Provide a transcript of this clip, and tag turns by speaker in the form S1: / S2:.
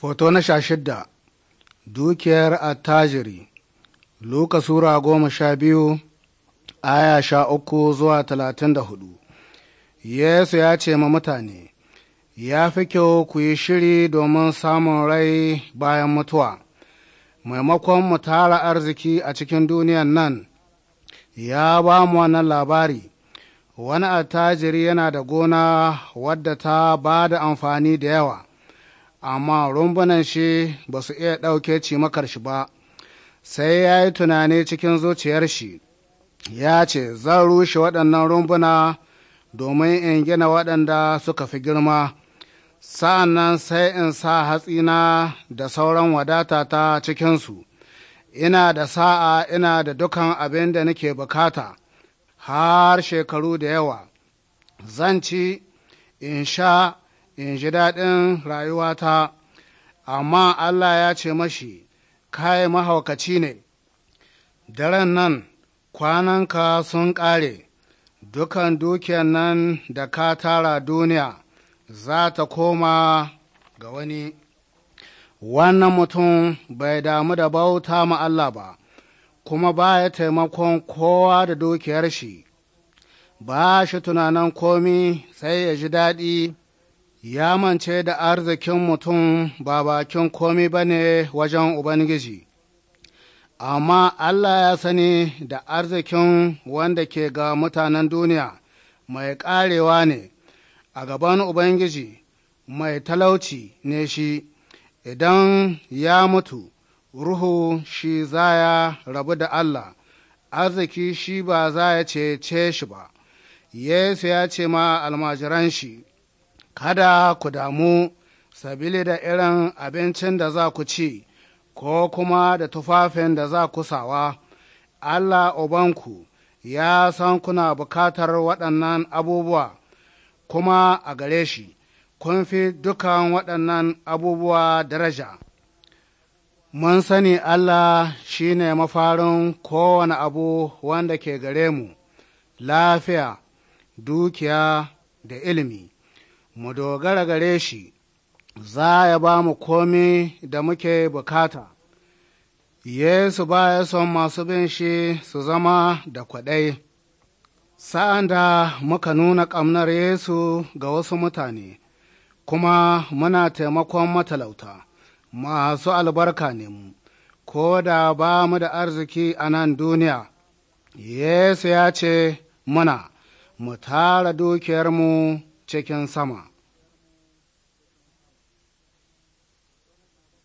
S1: Foto na sha shidda Dukiyar attajiri Luka Sura goma sha biyu aya sha uku zuwa talatin da hudu Yesu ya ce ma mutane, Ya fi kyau ku yi shiri domin samun rai bayan mutuwa, maimakon mu tara arziki a cikin duniyan nan, ya ba mu wannan labari, wani attajiri yana da gona wadda ta ba da amfani da yawa. amma rumbunan shi ba su iya ɗauke ci cimakar shi ba, sai ya yi tunani cikin zuciyar shi, ya ce, Zan rushe waɗannan rumbuna domin in gina waɗanda suka fi girma, sa'an nan sai in sa hatsina da sauran wadata ta cikinsu, ina da sa'a ina da dukan abin da nake bukata, har shekaru da yawa, zan ci, in sha in ji daɗin rayuwata, amma Allah ya ce mashi, kai mahaukaci ne, daren nan kwananka sun ƙare, dukan dukiyan nan da ka tara duniya za ta koma ga wani. Wannan mutum bai damu da bauta ma Allah ba, kuma ba ya taimakon kowa da dukiyar shi, ba shi tunanin komi sai ya ji daɗi. ya mance da arzikin mutum ba bakin komi ba ne wajen Ubangiji, amma Allah ya sani da arzikin wanda ke ga mutanen duniya mai ƙarewa ne a gaban Ubangiji mai talauci ne shi, idan ya mutu, ruhu shi zaya rabu da Allah, arziki shi ba za ya cece shi ba, Yesu ya ce ma almajiran shi. kada ku damu sabili da irin abincin da za ku ci, ko kuma da tufafin da za ku sawa, Allah Ubanku ya san kuna bukatar waɗannan abubuwa, kuma a gare shi, kun fi dukan waɗannan abubuwa daraja. Mun sani Allah shi ne mafarin kowane abu wanda ke gare mu, lafiya, dukiya da ilimi. mu dogara gare shi za ya ba mu komi da muke bukata. Yesu ba ya son masu bin shi su zama da kwaɗai. Sa'an da muka nuna ƙamnar Yesu ga wasu mutane, kuma muna taimakon matalauta, masu albarka ne mu, ko da ba mu da arziki a nan duniya. Yesu ya ce muna, mu tara dukiyarmu チェキャンサマー